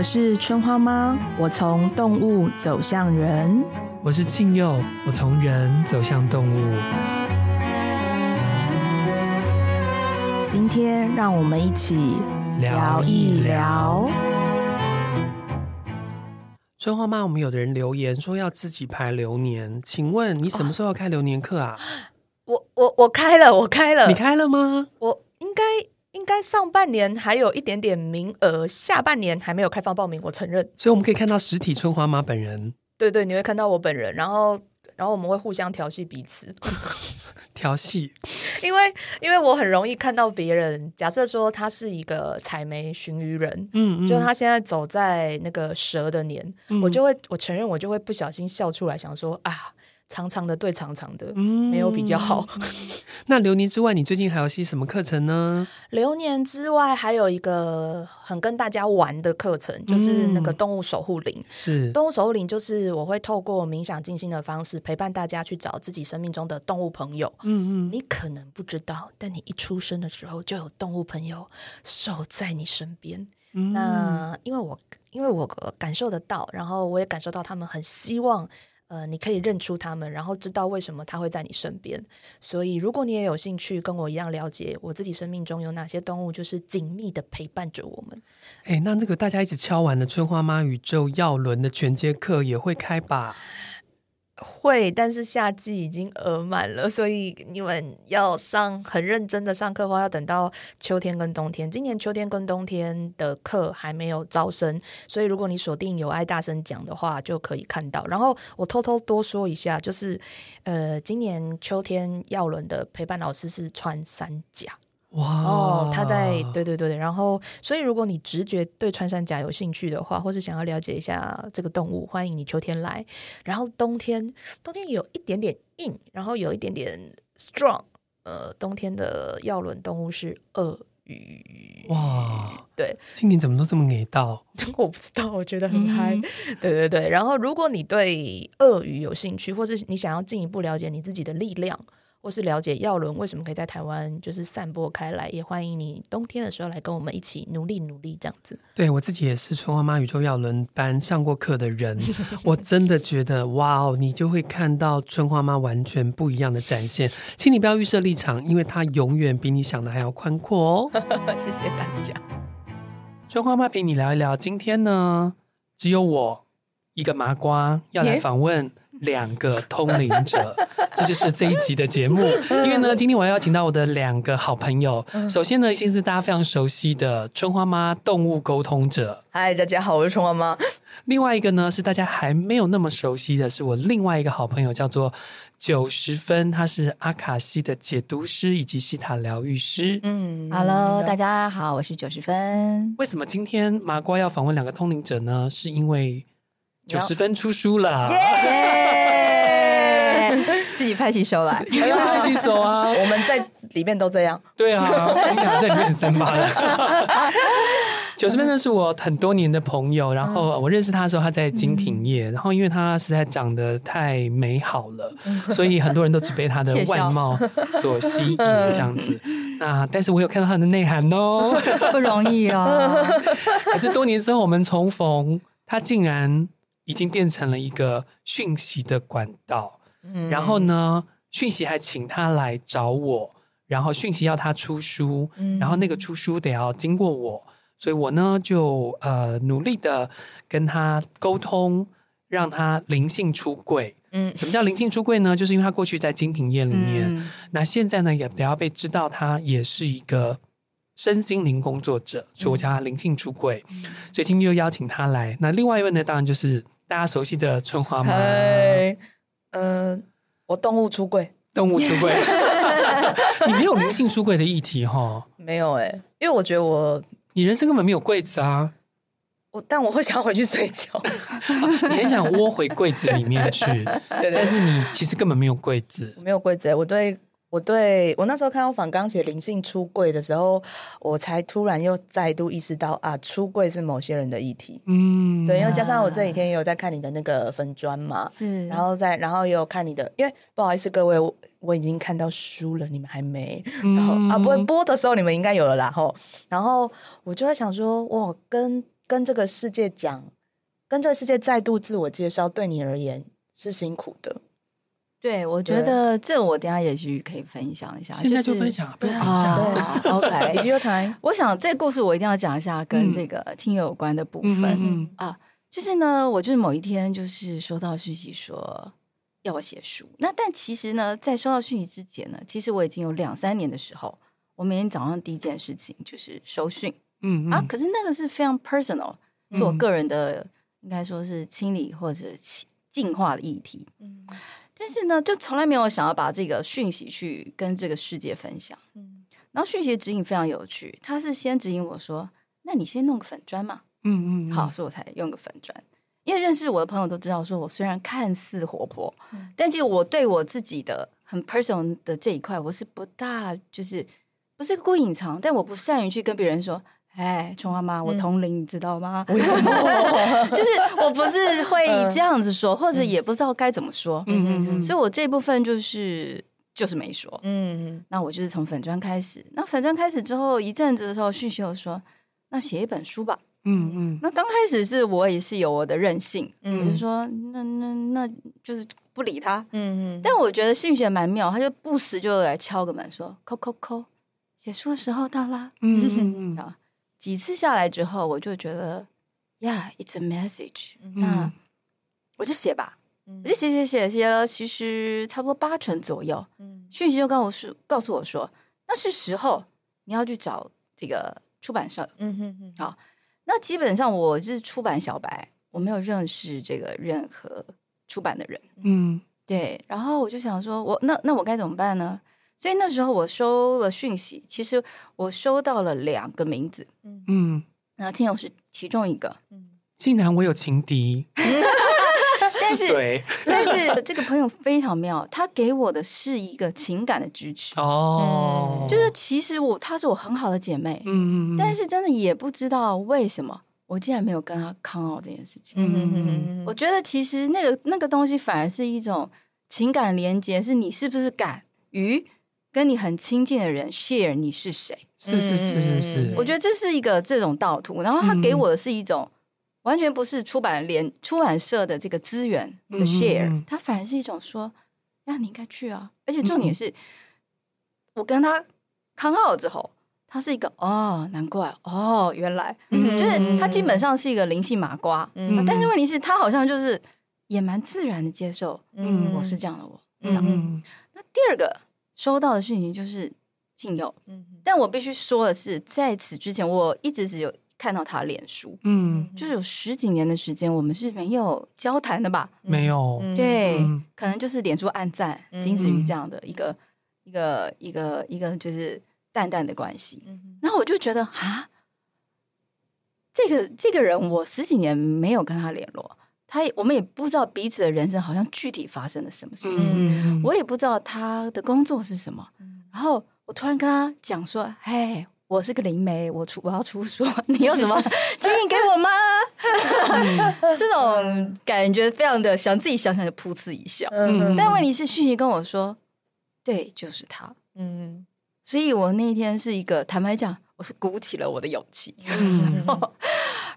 我是春花媽，我從動物走向人；我是慶祐，我從人走向動物。今天讓我們一起聊一聊，一聊，一聊春花媽。我們有的人留言說要自己排流年，請問你什麼時候要開流年課啊？我、我、我開了，我開了，你開了嗎？我。應該上半年還有一點點名額，下半年還沒有開放報名。我承認，所以我們可以看到實體春花媽本人， 對對，你會看到我本人，然後然後我們會互相調戲彼此， 調戲， 因為因為我很容易看到別人，假設說他是一個採莓尋魚人，嗯嗯，就他現在走在那個蛇的年，嗯、我就會我承認我就會不小心笑出來，想說啊。長長的，對長長的，嗯、沒有比較好。 那流年之外，你最近還有些什麼課程呢？流年之外還有一個很跟大家玩的課程，嗯、就是那個動物守護靈。是動物守護靈，就是我會透過冥想靜心的方式，陪伴大家去找自己生命中的動物朋友。嗯嗯，你可能不知道，嗯、但你一出生的時候就有動物朋友守在你身邊。嗯、那因為我因為我感受得到，然後我也感受到他們很希望，呃，你可以認出他們，然後知道為什麼他會在你身邊。所以，如果你也有興趣跟我一樣了解我自己生命中有哪些動物，就是緊密的陪伴着我們。誒，那那個大家一起敲完的春花媽宇宙藥輪的全階課也會開吧？會，但是夏季已經額滿了，所以你們要上很認真的上課的話，要等到秋天跟冬天。今年秋天跟冬天的課還沒有招生，所以如果你鎖定有愛大聲講的話，就可以看到。然後我偷偷多說一下，就是，呃，今年秋天藥輪的陪伴老師是穿山甲。哇！哦，他在對對對對，然後所以如果你直覺對穿山甲有興趣的話，或是想要了解一下這個動物，歡迎你秋天來。然後冬天，冬天有一點點硬，然後有一點點 strong。呃，冬天的藥輪動物是鱷魚。哇！對，今年怎麼都這麼給到？ 我不知道，我覺得很嗨、嗯哼。對對對，然後如果你對鱷魚有興趣，或是你想要進一步了解你自己的力量。或是了解藥輪為什麼可以在台灣就是散播開來，也歡迎你冬天的時候來跟我們一起努力努力這樣子。對，我自己也是春花媽宇宙藥輪班上過課的人， 我真的覺得哇哦，你就會看到春花媽完全不一樣的展現。 請你不要預設立場，因為她永遠比你想的還要寬闊哦。 謝謝大家。春花媽陪你聊一聊，今天呢，只有我一個麻瓜要來訪問。欸兩個通靈者， 這就是這一集的節目。因為呢，今天我要邀請到我的兩個好朋友。首先呢，先是大家非常熟悉的春花媽，動物溝通者。嗨，大家好，我是春花媽。另外一個呢，是大家還沒有那麼熟悉的，是我另外一個好朋友，叫做九十分。他是阿卡西的解讀師以及希塔療癒師。嗯，Hello，Yeah. 大家好，我是九十分。為什麼今天麻瓜要訪問兩個通靈者呢？是因為九十分出書了。Yeah! 自己拍起手來，要拍起手啊！我們在裡面都這樣。對啊，我們倆在裡面很三八的。九 十分是我很多年的朋友，啊、然後我認識他的時候，他在精品業。嗯、然後因為他實在長得太美好了，嗯、所以很多人都只被他的外貌所吸引，這樣子。戛囂 那但是我有看到他的內涵哦， 不容易啊。可 是多年之後我們重逢，他竟然已經變成了一個訊息的管道。嗯、然後呢，訊息還請他來找我，然後訊息要他出書，嗯、然後那個出書得要經過我，所以我呢就呃努力的跟他溝通，讓他靈性出櫃。嗯，什麼叫靈性出櫃呢？就是因為他過去在精品業裡面，嗯、那現在呢也不要被知道他也是一個身心靈工作者，所以我叫他靈性出櫃。嗯、所以今天就邀請他來，那另外一位呢，當然就是大家熟悉的春花媽。呃，我動物出櫃，動物出櫃， 你沒有靈性出櫃的議題哈？沒有哎、欸，因為我覺得我，你人生根本沒有櫃子啊！我但我會想回去睡覺， 你很想窩回櫃子裡面去，對，對、對，但是你其實根本沒有櫃子，我沒有櫃子、欸，我對。我對我那時候看到訪綱寫靈性出櫃的時候，我才突然又再度意識到啊，出櫃是某些人的議題。嗯，對，因為加上我這幾天也有在看你的那個粉專嘛，是、嗯，然後再然後也有看你的，因為不好意思各位我，我已經看到書了，你們還沒，然後、嗯、啊不會播的時候你們應該有了啦，後然後我就在想說，哇跟跟這個世界講，跟這個世界再度自我介紹，對你而言是辛苦的。對，我覺得這我等下也許可以分享一下。對就是，現在就分享，要分享啊，對，要談 OK，a good time。Okay, 我想這個故事我一定要講一下，跟這個、嗯、聽友有關的部分嗯，嗯，嗯，啊，就是呢，我就是某一天就是收到訊息說要我寫書。那但其實呢，在收到訊息之前呢，其實我已經有兩三年的時候，我每天早上第一件事情就是收訊。嗯，嗯啊，可是那個是非常 personal，是我個人的，嗯、應該說是清理或者進化的議題。嗯。但是呢，就從來沒有想要把這個訊息去跟這個世界分享。嗯，然後訊息指引非常有趣，他是先指引我說：“那你先弄個粉專嘛。”嗯,嗯嗯，好，所以我才用個粉專。因為認識我的朋友都知道，說我雖然看似活潑，嗯、但其實我對我自己的很 personal 的這一塊，我是不大就是不是故意隱藏，但我不善於去跟別人說。哎，春花媽，我同齡，嗯、你知道嗎？為什麼？ 就是我不是會這樣子說，或者也不知道該怎麼說，嗯嗯嗯，所以我這部分就是就是沒說，嗯，嗯嗯，那我就是從粉專開始，那粉專開始之後一陣子的時候，訊息又說，那寫一本書吧，嗯嗯，那剛開始是我也是有我的任性，嗯、我就說那那那就是不理他，嗯嗯，但我覺得訊息也蠻妙，他就不時就來敲個門說，扣扣扣，寫書的時候到啦，嗯嗯嗯，幾次下來之後，我就覺得，呀、yeah，it's a message，嗯哼，那我就寫吧，嗯哼，我就寫寫寫寫寫了，其實差不多八成左右，嗯哼，訊息就告訴告訴我說，那是時候你要去找這個出版社，嗯嗯嗯，好，那基本上我是出版小白，我沒有認識這個任何出版的人，嗯哼，對，然後我就想說我，我那那我該怎麼辦呢？所以那時候我收了訊息，其實我收到了兩個名字，嗯，那聽友是其中一個，嗯，竟然我有情敵，但是，但是這個朋友非常妙，他給我的是一個情感的支持，哦，就是其實我她是我很好的姐妹，嗯嗯，但是真的也不知道為什麼我竟然沒有跟她 come out 這件事情，嗯嗯嗯，我覺得其實那個那個東西反而是一種情感連結，是你是不是敢於。跟你很親近的人 share 你是誰？是是是是是，我覺得這是一個這種道途，然後他給我的是一種完全不是出版連出版社的這個資源的 share，嗯嗯嗯、他反而是一種說，那你應該去啊。而且重點是，嗯嗯我跟他 come out 了之後，他是一個哦，難怪哦，原來、嗯、嗯嗯嗯就是他基本上是一個靈性麻瓜。嗯嗯嗯但是問題是，他好像就是也蠻自然的接受，嗯，嗯，嗯，我是這樣的我。嗯，嗯那第二個。收到的訊息就是慶祐，但我必須說的是，在此之前我一直只有看到他臉書，嗯，就是有十幾年的時間，我們是沒有交談的吧？沒有、嗯，對，嗯、可能就是臉書暗讚，僅、嗯、止於這樣的一個一個一個一個，一個一個就是淡淡的關係。然後我就覺得啊，這個這個人我十幾年沒有跟他聯絡。他也，我們也不知道彼此的人生好像具體發生了什麼事情。嗯、我也不知道他的工作是什麼。嗯、然後我突然跟他講說：“嗯、嘿，我是個靈媒，我出我要出書，你有什麼經驗 給我嗎？”嗯嗯、這種感覺非常的想，自己想想就噗嗤一笑。嗯、但問題是訊息跟我說：“對，就是他。”嗯，所以我那一天是一個，坦白講，我是鼓起了我的勇氣。嗯呵呵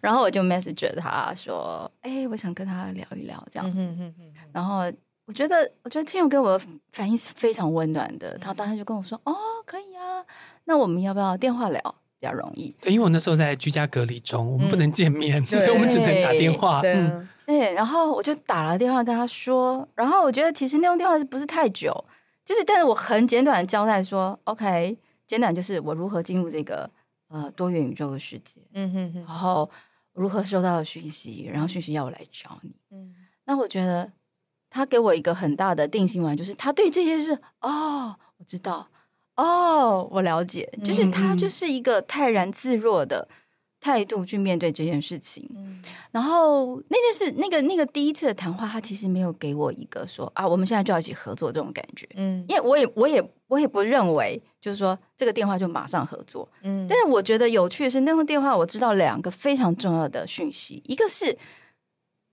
然後我就 message 他說：“哎、欸，我想跟他聊一聊，這樣子。嗯哼哼哼”然後我覺得，我覺得慶祐給我的反應是非常溫暖的。嗯、他當時就跟我說：“哦，可以啊，那我們要不要電話聊比較容易？”對，因為我那時候在居家隔離中，我們不能見面，嗯、所以我們只能打電話。對，嗯、對，然後我就打了電話跟他說。然後我覺得其實那種電話是不是太久？就是，但是我很簡短的交代說：“OK，簡短就是我如何進入這個、呃、多元宇宙的世界。嗯哼哼”然後。如何收到的訊息？然後訊息要我來找你。嗯，那我覺得他給我一個很大的定心丸，就是他對這些事，哦，我知道，哦，我了解，嗯嗯，就是他就是一個泰然自若的態度去面對這件事情，嗯、然後那件事，那個那個第一次的談話，他其實沒有給我一個說啊，我們現在就要一起合作這種感覺，嗯，因為我也我也我也不認為就是說這個電話就馬上合作，嗯，但是我覺得有趣的是那通、個、電話，我知道兩個非常重要的訊息，一個是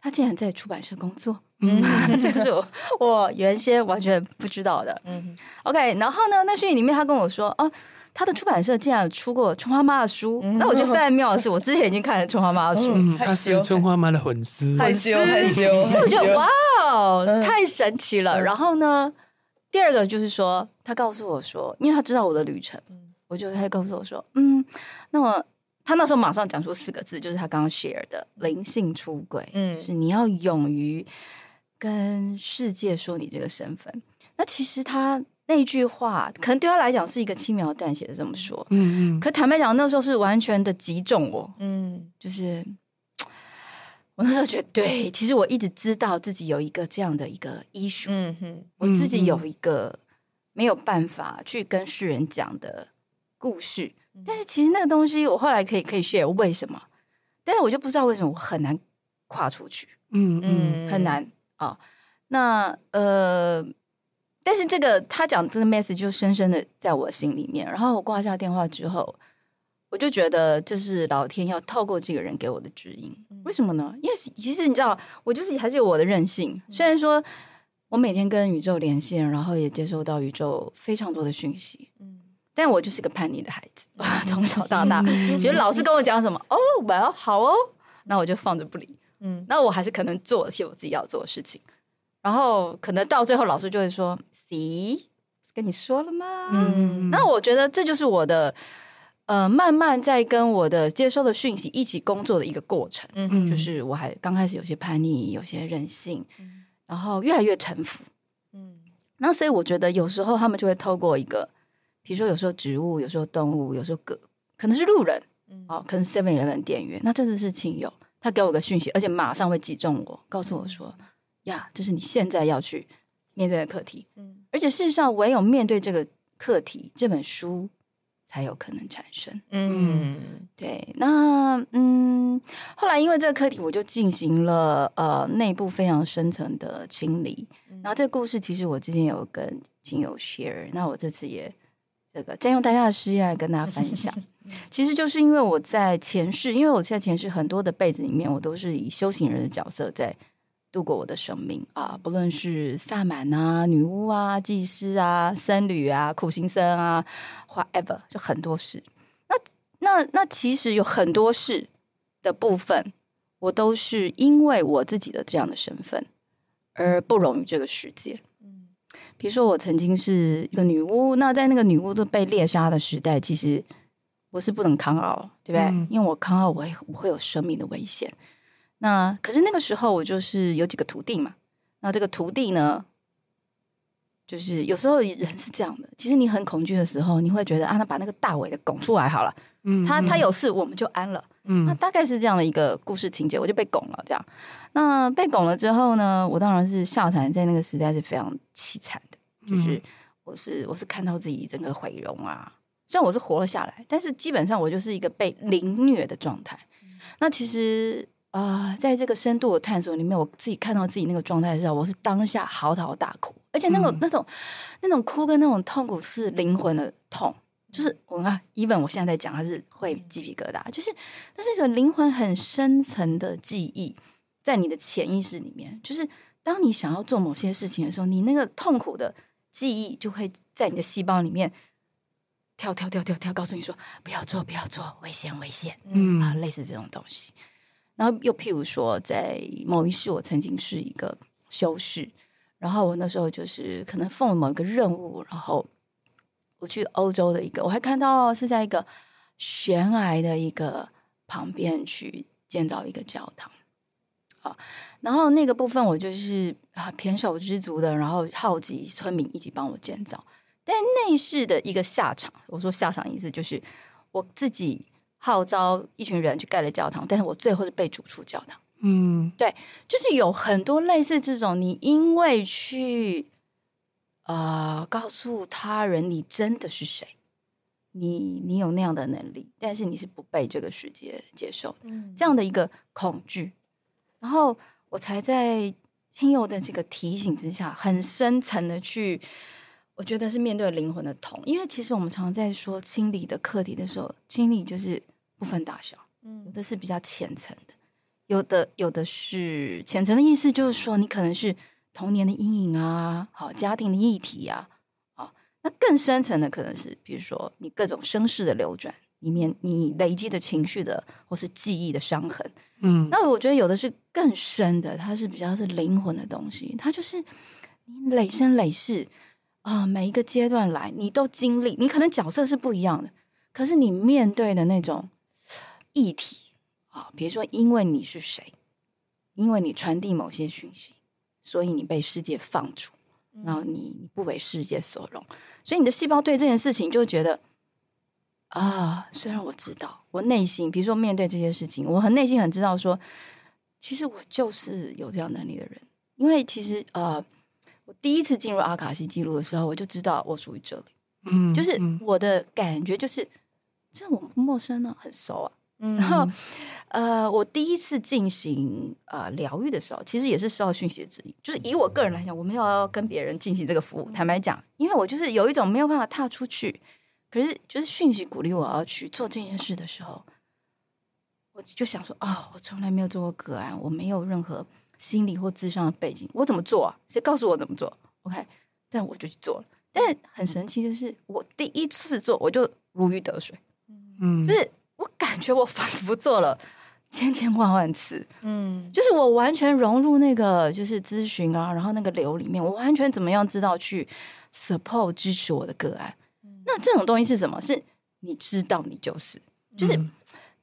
他竟然在出版社工作，嗯，這是我我原先完全不知道的，嗯，OK，然後呢，那訊息裡面他跟我說哦。啊他的出版社竟然有出過春花媽的書，嗯、那我覺得非常妙的是，我之前已經看了春花媽的書，他、嗯、是春花媽的粉絲，害羞害羞，這就哇，嗯、太神奇了。嗯、然後呢，第二個就是說，他告訴我說，因為他知道我的旅程，嗯、我就他告訴我說，嗯，那麼他那時候馬上講出四個字，就是他剛剛 share 的靈性出櫃，嗯，是你要勇於跟世界說你這個身份。那其實他。那句話，可能對他來講是一個輕描淡寫的這麼說，嗯嗯。可坦白講，那時候是完全的擊中我，嗯，就是我那時候覺得，對，其實我一直知道自己有一個這樣的一個醫術，嗯哼，我自己有一個沒有辦法去跟世人講的故事，嗯嗯，但是其實那個東西，我後來可以可以 share 為什麼，但是我就不知道為什麼我很難跨出去，嗯嗯，很難啊，哦。那呃。但是這個他講這個 message 就深深的在我心裡面，然後我掛下電話之後，我就覺得這是老天要透過這個人給我的指引，嗯、為什麼呢？因為其實你知道，我就是還是有我的任性。嗯、雖然說我每天跟宇宙連線，然後也接受到宇宙非常多的訊息，嗯、但我就是個叛逆的孩子，嗯、從小到大覺得 老師跟我講什麼， 哦，well 好哦，那我就放着不理，嗯，那我還是可能做一些我自己要做的事情。然後可能到最後，老師就會說：“C，跟你說了嗎？”嗯、那我覺得這就是我的呃，慢慢在跟我的接收的訊息一起工作的一個過程。嗯哼，就是我還剛開始有些叛逆，有些任性，嗯、然後越來越臣服。嗯，那所以我覺得有時候他們就會透過一個，比如說有時候植物，有時候動物，有時候個可能是路人，哦、嗯，可能是 Seven Eleven 店員，那真的是親友，他給我個訊息，而且馬上會擊中我，告訴我說。嗯嗯呀，這、yeah, 是你現在要去面對的課題，嗯、而且事實上，唯有面對這個課題，這本書才有可能產生。嗯，對，那嗯，後來因為這個課題，我就進行了呃內部非常深層的清理。嗯、然後這個故事，其實我之前有跟親友 share，那我這次也這個佔用大家的時間來跟大家分享。 其實就是因為我在前世，因為我在前世很多的輩子裡面，我都是以修行人的角色在。度過我的生命啊，不論是薩滿啊、女巫啊、祭司啊、僧侶啊、苦行僧啊，whatever，就很多事。那那那，那其實有很多事的部分，我都是因為我自己的這樣的身份而不容於這個世界。嗯，比如說我曾經是一個女巫，那在那個女巫都被獵殺的時代，其實我是不能抗傲，對不對？嗯，因為我抗傲，我會有生命的危險。那可是那個時候，我就是有幾個徒弟嘛。那這個徒弟呢，就是有時候人是這樣的。其實你很恐懼的時候，你會覺得啊，那把那個大尾的拱出來好了。嗯哼，他他有事，我們就安了。嗯，那大概是這樣的一個故事情節。我就被拱了，這樣。那被拱了之後呢，我當然是笑慘，在那個時代是非常淒慘的。就是我是我是看到自己整個毀容啊。雖然我是活了下來，但是基本上我就是一個被凌虐的狀態。嗯、那其實。啊，uh, 在這個深度的探索裡面，我自己看到自己那個狀態的時候，我是當下嚎啕大哭，而且那種、嗯、那種那種哭跟那種痛苦是靈魂的痛，嗯、就是我啊，even 我現在在講還是會雞皮疙瘩，就是，那是一種靈魂很深層的記憶，在你的潛意識裡面，就是當你想要做某些事情的時候，你那個痛苦的記憶就會在你的細胞裡面跳跳跳跳跳，告訴你說不要做，不要做，危險，危險，嗯、嗯啊，類似這種東西。然後又譬如說，在某一世我曾經是一個修士，然後我那時候就是可能奉了某一個任務，然後我去歐洲的一個，我還看到是在一個懸崖的一個旁邊去建造一個教堂，啊，然後那個部分我就是啊胼手胝足的，然後號召村民一起幫我建造。但那世的一個下場，我說下場意思就是我自己。號召一群人去蓋了教堂，但是我最後是被逐出教堂。嗯，對，就是有很多類似這種，你因為去啊、呃、告訴他人你真的是誰，你你有那樣的能力，但是你是不被這個世界接受的，嗯、這樣的一個恐懼，然後我才在親友的這個提醒之下，很深層的去。我覺得是面對靈魂的痛，因為其實我們常常在說清理的課題的時候，清理就是不分大小，嗯，有的是比較淺層的，有的有的是淺層的意思就是說，你可能是童年的陰影啊，好，家庭的議題啊，好，那更深層的可能是比如說你各種生世的流轉裡面，你累積的情緒的或是記憶的傷痕，嗯，那我覺得有的是更深的，它是比較是靈魂的東西，它就是累生累世。啊、呃，每一個階段來，你都經歷，你可能角色是不一樣的，可是你面對的那種議題啊、呃，比如說因為你是誰，因為你是誰，因為你傳遞某些訊息，所以你被世界放逐，然後你不為世界所容，嗯、所以你的細胞對這件事情就覺得，啊、呃，雖然我知道，我內心，比如說面對這些事情，我很內心很知道說，其實我就是有這樣能力的人，因為其實呃。我第一次進入阿卡西紀錄的時候，我就知道我屬於這裡。嗯，就是我的感覺就是，這我陌生呢、啊，很熟啊。嗯、然後，呃，我第一次進行呃療癒的時候，其實也是受到訊息的指引。就是以我個人來講，我沒有要跟別人進行這個服務。坦白講，因為我就是有一種沒有辦法踏出去，可是就是訊息鼓勵我要去做這件事的時候，我就想說啊、哦，我從來沒有做過個案，我沒有任何。心理或諮商的背景，我怎麼做啊？誰告訴我怎麼做？OK，但我就去做了。但很神奇的是，就是我第一次做，我就如魚得水。嗯，就是我感覺我仿佛做了千千萬萬次。嗯，就是我完全融入那個就是諮詢啊，然後那個流裡面，我完全怎麼樣知道去 support 支持我的個案。嗯、那這種東西是什麼？是你知道，你就是，就是、嗯、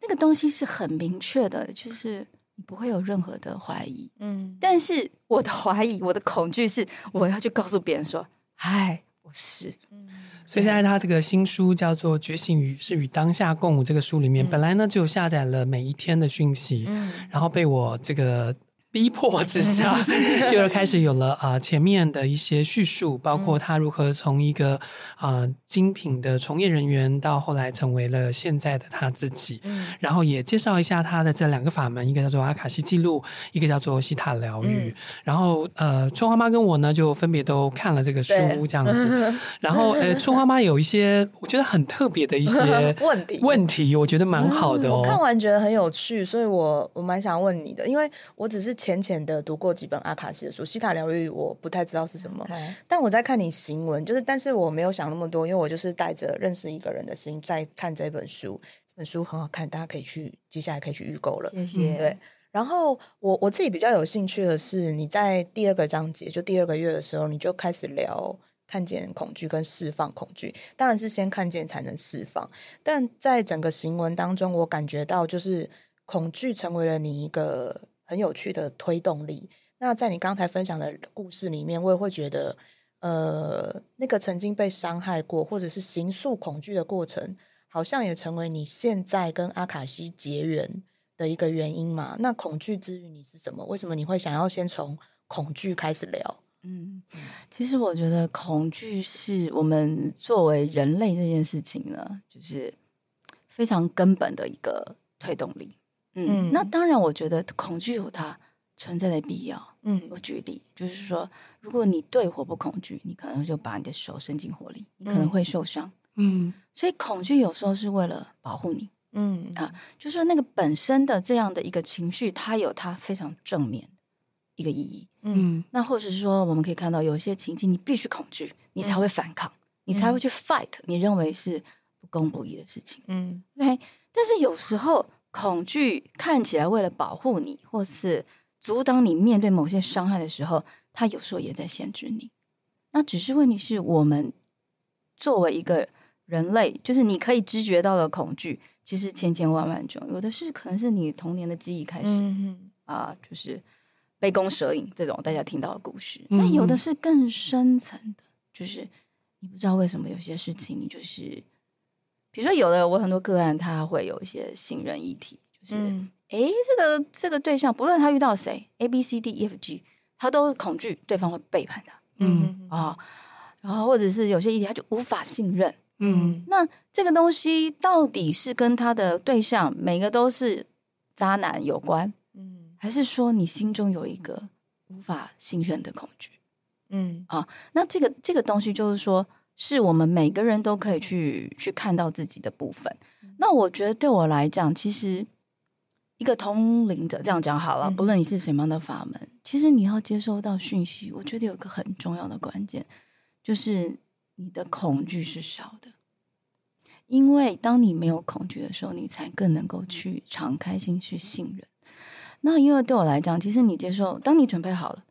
那個東西是很明確的，就是。你不會有任何的懷疑，嗯，但是我的懷疑，我的恐懼是，我要去告訴別人說，哎，我是，嗯，所以現在他這個新書叫做《覺醒與是與當下共舞》這個書裡面，嗯，本來呢就下載了每一天的訊息，嗯，然後被我這個。逼迫之下， 就開始有了啊、呃，前面的一些敘述，包括他如何從一個啊、呃、精品的從業人員，到後來成為了現在的他自己。嗯、然後也介紹一下他的這兩個法門，一個叫做阿卡西記錄，一個叫做希塔療癒。嗯、然後呃，春花媽跟我呢，就分別都看了這個書，這樣子。對 然後呃，春花媽有一些我覺得很特別的一些問題 問題，我覺得蠻好的、哦嗯、我看完覺得很有趣，所以我我蠻想問你的，因為我只是前。淺淺的讀過幾本阿卡西的書，希塔療癒我不太知道是什麼，Okay. 但我在看你行文，就是，但是我沒有想那麼多，因為我就是帶着認識一個人的心在看這本書。這本書很好看，大家可以去接下來可以去預購了，謝謝。對，然後我我自己比較有興趣的是，你在第二個章節，就第二個月的時候，你就開始聊看見恐懼跟釋放恐懼，當然是先看見才能釋放，但在整個行文當中，我感覺到就是恐懼成為了你一個。很有趣的推動力。那在你剛才分享的故事裡面，我也會覺得，呃，那個曾經被傷害過或者是形塑恐懼的過程，好像也成為你現在跟阿卡西結緣的一個原因嘛？那恐懼之於你是什麼？為什麼你會想要先從恐懼開始聊？嗯，其實我覺得恐懼是我們作為人類這件事情呢，就是非常根本的一個推動力。嗯，那當然，我覺得恐懼有它存在的必要。嗯，我舉例就是說，如果你對火不恐懼，你可能就把你的手伸進火裡，你、嗯、可能會受傷。嗯，所以恐懼有時候是為了保護你。嗯啊，就是那個本身的這樣的一個情緒，它有它非常正面一個意義。嗯，嗯，那或者是說，我們可以看到有些情境，你必須恐懼，你才會反抗，嗯、你才會去 fight，你認為是不公不義的事情。嗯，對、欸，但是有時候。恐懼看起來為了保護你，或是阻擋你面對某些傷害的時候，它有時候也在限制你。那只是問題是我們作為一個人類，就是你可以知覺到的恐懼，其實千千萬萬種。有的是可能是你童年的記憶開始，嗯、哼啊，就是杯弓蛇影這種大家聽到的故事。但、嗯、哼有的是更深層的，就是你不知道為什麼有些事情，你就是。比如說，有的我很多個案，他會有一些信任議題，就是哎、嗯欸，這個這個對象，不論他遇到誰，A、B、C、D、E、F、G，他都恐懼對方會背叛他。嗯，嗯，嗯啊，然後或者是有些議題，他就無法信任。嗯，那這個東西到底是跟他的對象每個都是渣男有關？嗯，還是說你心中有一個無法信任的恐懼？嗯啊，那這個這個東西就是說。是我們每個人都可以去去看到自己的部分。嗯、那我覺得對我來講，其實一個通靈者這樣講好了。不論你是什麼樣的法門，嗯、其實你要接收到訊息，我覺得有個很重要的關鍵，就是你的恐懼是少的。因為當你沒有恐懼的時候，你才更能夠去敞開心去信任。那因為對我來講，其實你接受，當你準備好了，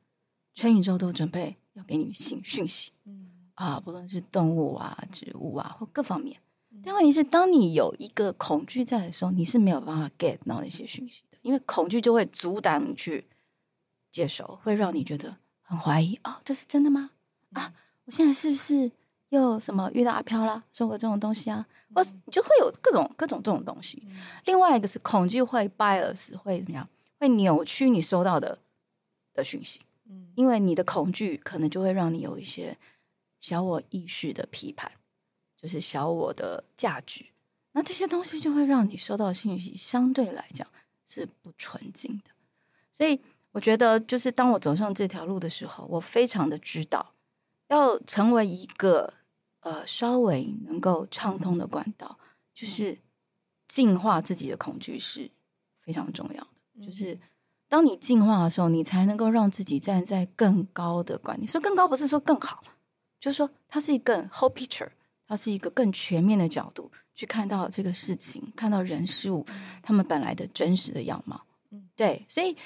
全宇宙都準備要給你信訊息。嗯啊，uh, 不論是動物啊、植物啊，或各方面，嗯、但問題是，當你有一個恐懼在的時候，你是沒有辦法 get 到、嗯、那些訊息的，因為恐懼就會阻擋你去接受，會讓你覺得很懷疑。哦，這是真的嗎？啊，我現在是不是又什麼遇到阿飄啦？說過這種東西啊，嗯、或是你就會有各種各種這種東西。嗯、另外一個是，恐懼會 bias，會怎麼樣？會扭曲你收到的的訊息。嗯、因為你的恐懼可能就會讓你有一些。小我意識的批判，就是小我的價值，那這些東西就會讓你收到信息，相對來講是不純淨的。所以，我覺得，就是當我走上這條路的時候，我非常的知道，要成為一個呃稍微能夠暢通的管道，嗯、就是淨化自己的恐懼是非常重要的。就是當你淨化的時候，你才能夠讓自己站在更高的觀點。說更高，不是說更好。就是說，它是一個 whole picture，它是一個更全面的角度去看到這個事情，看到人事物他們本來的真實的樣貌。嗯，對，所以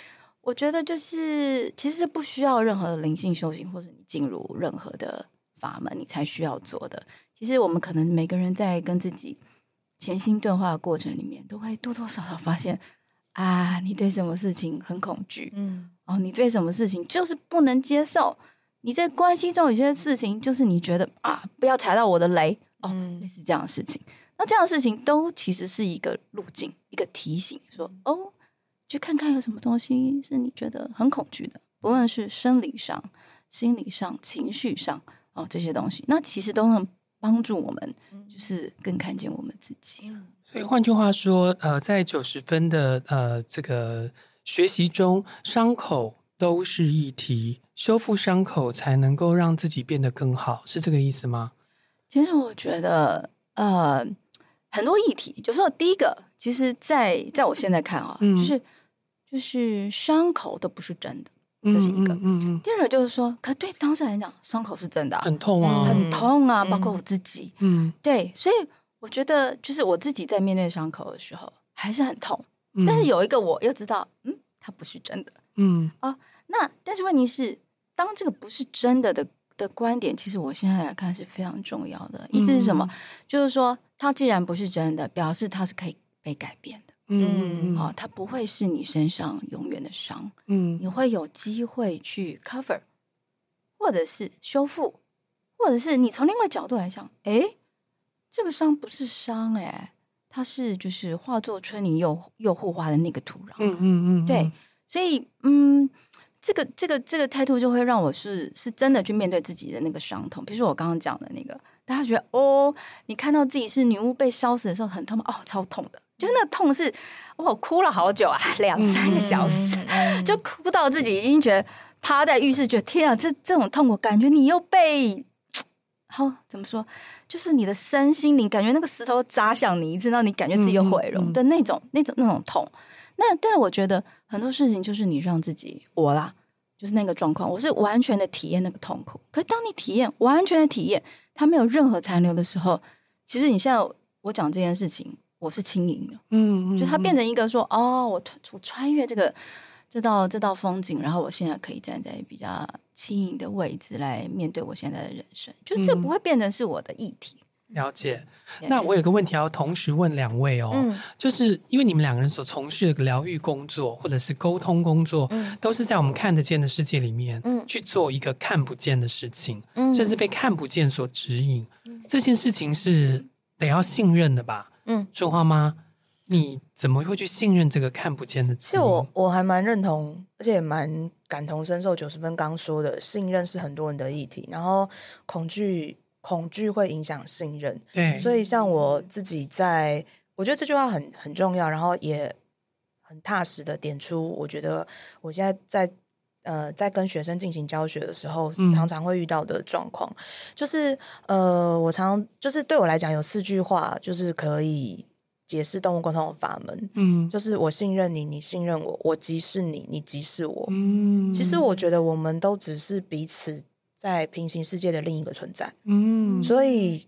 我覺得就是，其實不需要任何的靈性修行，或者你進入任何的法門，你才需要做的。其實我們可能每個人在跟自己潛心對話的過程裡面，都會多多少少發現啊，你對什麼事情很恐懼，嗯，哦，你對什麼事情就是不能接受。你在關係中有些事情，就是你覺得啊，不要踩到我的雷哦，嗯，類似這樣的事情。那這樣的事情都其實是一個路徑，一個提醒，說哦，去看看有什麼東西是你覺得很恐懼的，不論是生理上、心理上、情緒上哦，這些東西，那其實都能幫助我們，就是更看見我們自己。所以換句話說，呃，在九十分的呃這個學習中，傷口都是議題。修復傷口才能夠讓自己變得更好，是這個意思嗎？其實我覺得，呃，很多議題，就是第一個，其實在，在在我現在看啊，哦，嗯、就是就是傷口都不是真的，這是一個。嗯嗯。嗯嗯第二個就是說，可對，當事人來講，傷口是真的，啊，很痛啊，嗯，很痛啊，包括我自己，嗯，對。所以我覺得，就是我自己在面對傷口的時候還是很痛，嗯，但是有一個我又知道，嗯，它不是真的，嗯啊，哦。那但是問題是。當這個不是真的的的觀點，其實我現在來看是非常重要的。嗯、意思是什麼？就是說，它既然不是真的，表示它是可以被改變的。嗯，好、嗯，它不會是你身上永遠的傷。嗯，你會有機會去 cover，或者是修復，或者是你從另外一角度來想，哎、欸，這個傷不是傷，哎，它是就是化作春泥又又護花的那個土壤。嗯，嗯嗯嗯，對，所以嗯。這個這個這個態度就會讓我是是真的去面對自己的那個傷痛，比如說我剛剛講的那個，大家覺得哦，你看到自己是女巫被燒死的時候很痛哦，超痛的，就那個痛是哇，我哭了好久啊，兩三個小時，嗯、就哭到自己已經覺得趴在浴室，覺得天啊，這這種痛，我感覺你又被好怎麼說，就是你的身心靈感覺那個石頭砸向你一次，然後你感覺自己又毀容的那種、嗯嗯、那種那種，那種痛。但但是我覺得很多事情就是你讓自己我啦，就是那個狀況，我是完全的體驗那個痛苦。可是當你體驗完全的體驗，它沒有任何殘留的時候，其實你現在我講這件事情，我是輕盈的，嗯，嗯嗯，就它變成一個說，哦，我我穿越這個這道這道風景，然後我現在可以站在比較輕盈的位置來面對我現在的人生，就這不會變成是我的議題。嗯了解，那我有個問題要同時問兩位哦，嗯、就是因為你們兩個人所從事的療癒工作或者是溝通工作，嗯、都是在我們看得見的世界裡面，嗯、去做一個看不見的事情，嗯、甚至被看不見所指引，嗯、這件事情是得要信任的吧？嗯，春花媽？你怎麼會去信任這個看不見的？其實我我還蠻認同，而且也蠻感同身受。九十分剛，剛說的，信任是很多人的議題，然後恐懼。恐懼會影響信任，對，所以像我自己在，我覺得這句話很很重要，然後也很踏實的點出，我覺得我現在在呃，在跟學生進行教學的時候，常常會遇到的狀況，嗯、就是呃，我常就是對我來講，有四句話就是可以解釋動物溝通的法門，嗯，就是我信任你，你信任我，我即是你，你即是我，嗯，其實我覺得我們都只是彼此。在平行世界的另一個存在，嗯，所以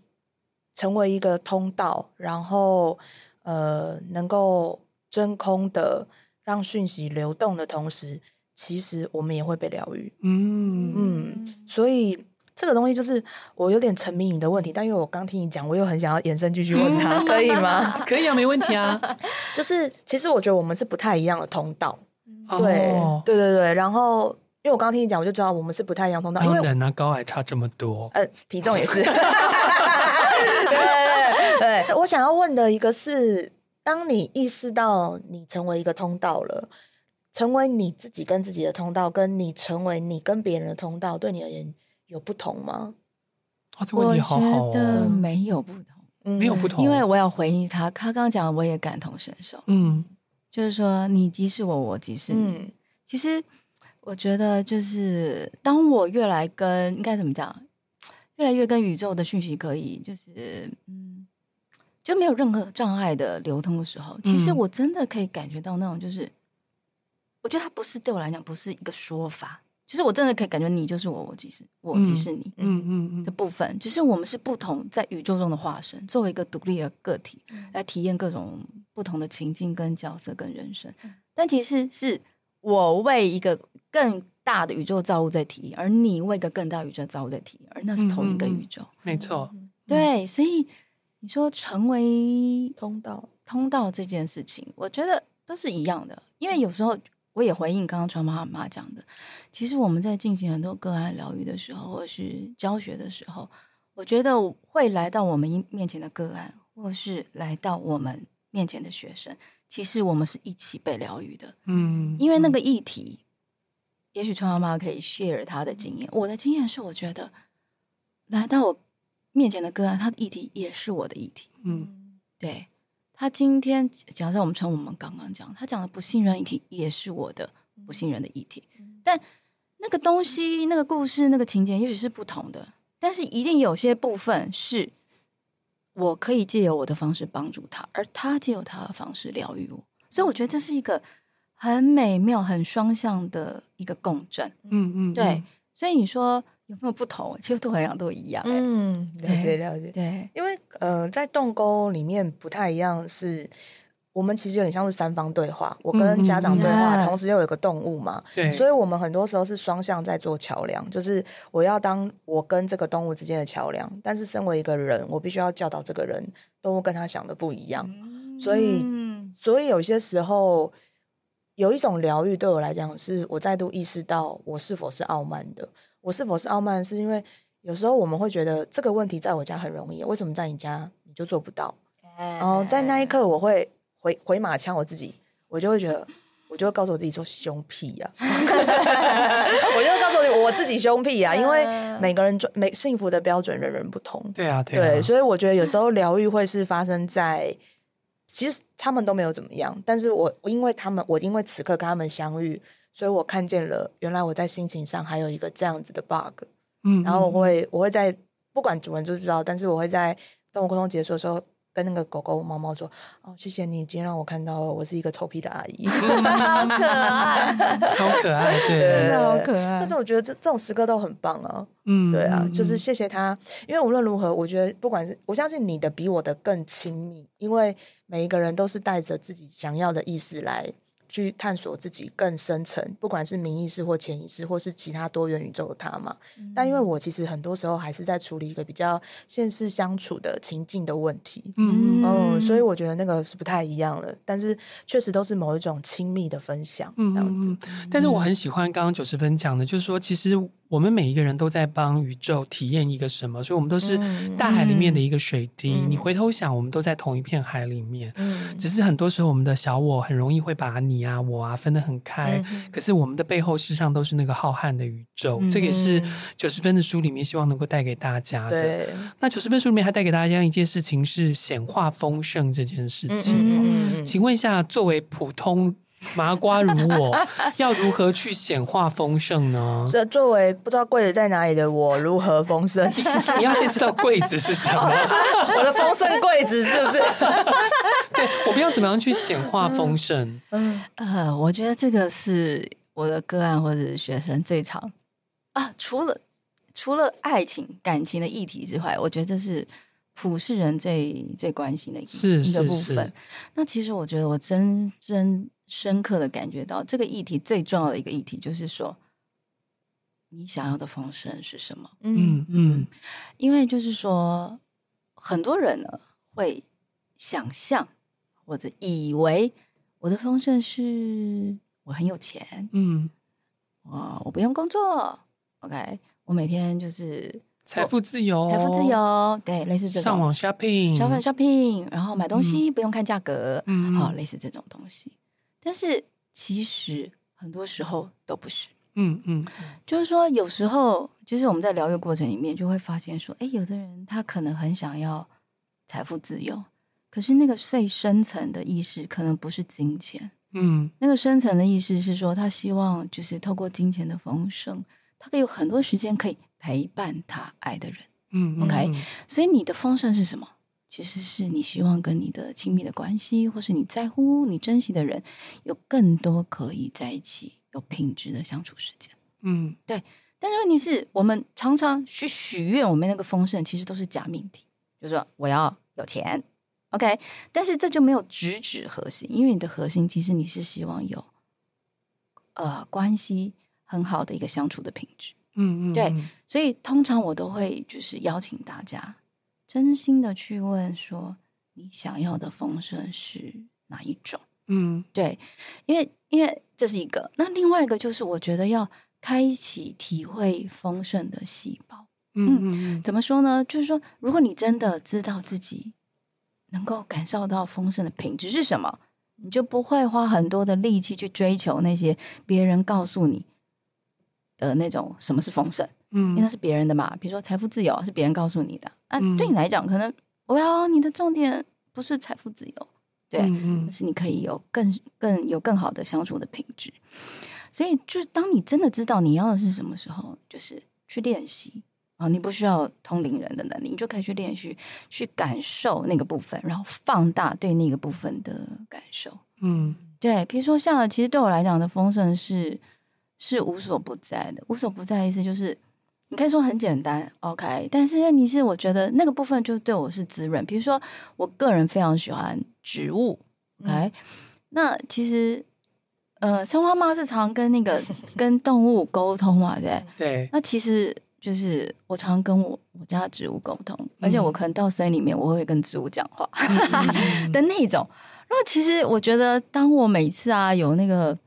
成為一個通道，然後呃，能夠真空的讓訊息流動的同時，其實我們也會被療癒，嗯嗯，所以這個東西就是我有點沉迷於你的問題，但因為我剛聽你講，我又很想要延伸繼續問他，嗯、可以嗎？ 可以啊，沒問題啊，就是其實我覺得我們是不太一樣的通道，嗯、對、哦、對對對，然後。因為我剛剛聽你講，我就知道我們是不太一樣通道。因為那高矮差這麼多，呃，體重也是。 對對，對，對我想要問的一個是，當你意識到你成為一個通道了，成為你自己跟自己的通道，跟你成為你跟別人的通道，對你而言有不同嗎？哦、這個問題好好、哦。我覺得沒有不同，嗯、沒有不同，因為我要回應他，他剛剛講，我也感同身受。嗯，就是說你即是我，我即是你，嗯、其實。我覺得就是，當我越來跟應該怎麼講，越來越跟宇宙的訊息可以就是，嗯，就沒有任何障礙的流通的時候，其實我真的可以感覺到那種，就是我覺得它不是對我來講不是一個說法，就是我真的可以感覺你就是我，我即是，我即是你，嗯嗯嗯的部分，其、就是我們是不同在宇宙中的化身，作為一個獨立的個體來體驗各種不同的情境跟角色跟人生，但其實是。我為一個更大的宇宙造物在提，而你為一個更大宇宙造物在提，而那是同一個宇宙，嗯嗯嗯、沒錯。對，嗯、所以你說成為通道，通道這件事情，我覺得都是一樣的。因為有時候我也回應剛剛春花媽講的，其實我們在進行很多個案療癒的時候，或是教學的時候，我覺得會來到我們面前的個案，或是來到我們面前的學生。其實我們是一起被療癒的，嗯，因為那個議題，嗯、也許春花媽可以 share 她的經驗。嗯、我的經驗是，我覺得來到我面前的個案，他的議題也是我的議題，嗯，對。他今天假設我們從我們剛剛講，他講的不信任議題也是我的不信任的議題，嗯、但那個東西、嗯、那個故事、那個情節，也許是不同的，但是一定有些部分是。我可以借由我的方式幫助他，而他借由他的方式療癒我。所以我覺得這是一個很美妙、很雙向的一個共振。嗯嗯，嗯對。嗯、所以你說有沒有不同？其實都好像都一樣。嗯，了解對了解。對，因為呃，在洞溝裡面不太一樣是，我們其實有點像是三方對話，我跟家長對話，同時又有一個動物嘛，嗯、對所以我們很多時候是雙向在做橋梁，就是我要當我跟這個動物之間的橋梁，但是身為一個人，我必須要教導這個人，動物跟他想的不一樣，嗯、所以所以有些時候有一種療癒對我來講，是我再度意識到我是否是傲慢的，我是否是傲慢，是因為有時候我們會覺得這個問題在我家很容易，為什麼在你家你就做不到？然後、嗯嗯、在那一刻我會。回回馬槍，我自己我就會覺得，我就會告訴我自己說，兇屁呀，啊、 我就會告訴我我自己兇屁呀，因為每個人每幸福的標準人人不同，對啊，對，啊對，所以我覺得有時候療癒會是發生在，其實他們都沒有怎麼樣，但是我因為他們我因為此刻跟他們相遇，所以我看見了原來我在心情上還有一個這樣子的 bug，嗯，嗯，嗯，然後我會我會在不管主人就知道，但是我會在動物溝通結束的時候。跟那個狗狗、貓貓說：“哦，謝謝你，今天讓我看到了我是一個臭屁的阿姨， 好可愛， 好可愛，對，對對好可愛。那種我覺得這這種時刻都很棒哦，啊。嗯，對啊，就是謝謝他，嗯、因為無論如何，我覺得不管是我相信你的比我的更親密，因為每一個人都是帶着自己想要的意思來。”去探索自己更深層，不管是明意識或潛意識，或是其他多元宇宙的他嘛。嗯、但因為我其實很多時候還是在處理一個比較現實相處的情境的問題，嗯、哦，所以我覺得那個是不太一樣了。但是確實都是某一種親密的分享，嗯、這樣子、嗯。但是我很喜歡剛剛九十分講的，就是說其實。我們每一個人都在幫宇宙體驗一個什麼，所以我們都是大海裡面的一個水滴。嗯嗯、你回頭想，我們都在同一片海裡面。嗯、只是很多時候我們的小我很容易會把你啊、我啊分得很開。嗯、可是我們的背後事實上都是那個浩瀚的宇宙。嗯、這個也是九十分的書裡面希望能夠帶給大家的。對那九十分書裡面還帶給大家一件事情是顯化豐盛這件事情。嗯嗯嗯嗯、請問一下，作為普通。麻瓜如我，要如何去顯化豐盛呢？這，作為不知道櫃子在哪裡的我，如何豐盛？你要先知道櫃子是什麼。哦、我的豐盛櫃子是不是？ 對，我們要怎麼樣去顯化豐盛？嗯，嗯呃，我覺得這個是我的個案或者是學生最常啊，除了，除了愛情感情的議題之外，我覺得這是普世人最最關心的一是一個部分。那其實我覺得我真真。深刻的感覺到這個議題最重要的一個議題就是說，你想要的豐盛是什麼？嗯嗯，嗯因為就是說，很多人呢會想象或者以為我的豐盛是我很有錢，嗯，啊，我不用工作，OK，我每天就是財富自由，財富自由，對，okay？類似這種上網 shopping，小販 shopping，然後買東西，嗯、不用看價格，嗯，好，類似這種東西。但是其實很多時候都不是，嗯嗯，嗯就是說有時候，就是我們在療癒過程裡面就會發現，說，哎，有的人他可能很想要財富自由，可是那個最深層的意識可能不是金錢，嗯，那個深層的意識是說，他希望就是透過金錢的豐盛，他可以有很多時間可以陪伴他愛的人，嗯，Okay，嗯所以你的豐盛是什麼？其實是你希望跟你的親密的關係，或是你在乎、你珍惜的人，有更多可以在一起有品質的相處時間。嗯，對。但是問題是我們常常去許，許願，我們那個豐盛其實都是假命題，就是說我要有錢，OK？但是這就沒有直指核心，因為你的核心其實你是希望有呃關係很好的一個相處的品質。嗯嗯嗯，對。所以通常我都會就是邀請大家。真心的去問說，你想要的豐盛是哪一種？嗯，對，因為因為這是一個，那另外一個就是，我覺得要開啟體會豐盛的細胞。嗯嗯，怎麼說呢？就是說，如果你真的知道自己能夠感受到豐盛的品質是什麼，你就不會花很多的力氣去追求那些別人告訴你的那種什麼是豐盛。嗯，因為那是別人的嘛，比如說，財富自由是別人告訴你的。啊、對你來講，可能我要、嗯、你的重點不是財富自由，對，嗯嗯，而是你可以有更、更有更好的相處的品質。所以，就是當你真的知道你要的是什麼時候，就是去練習啊，你不需要通靈人的能力，你就可以去練習，去感受那個部分，然後放大對那個部分的感受。嗯，對，比如說像其實對我來講的豐盛是是無所不在的，無所不在的意思就是。你可以說很簡單，OK，但是你是我覺得那個部分就對我是滋潤。比如說，我個人非常喜歡植物，OK、嗯。那其實，呃，春花媽媽是常跟那個 跟動物溝通嘛，對，對，那其實就是我常跟我我家植物溝通，而且我可能到森林裡面，我會跟植物講話、嗯、 的那種。那其實我覺得，當我每次啊有那個。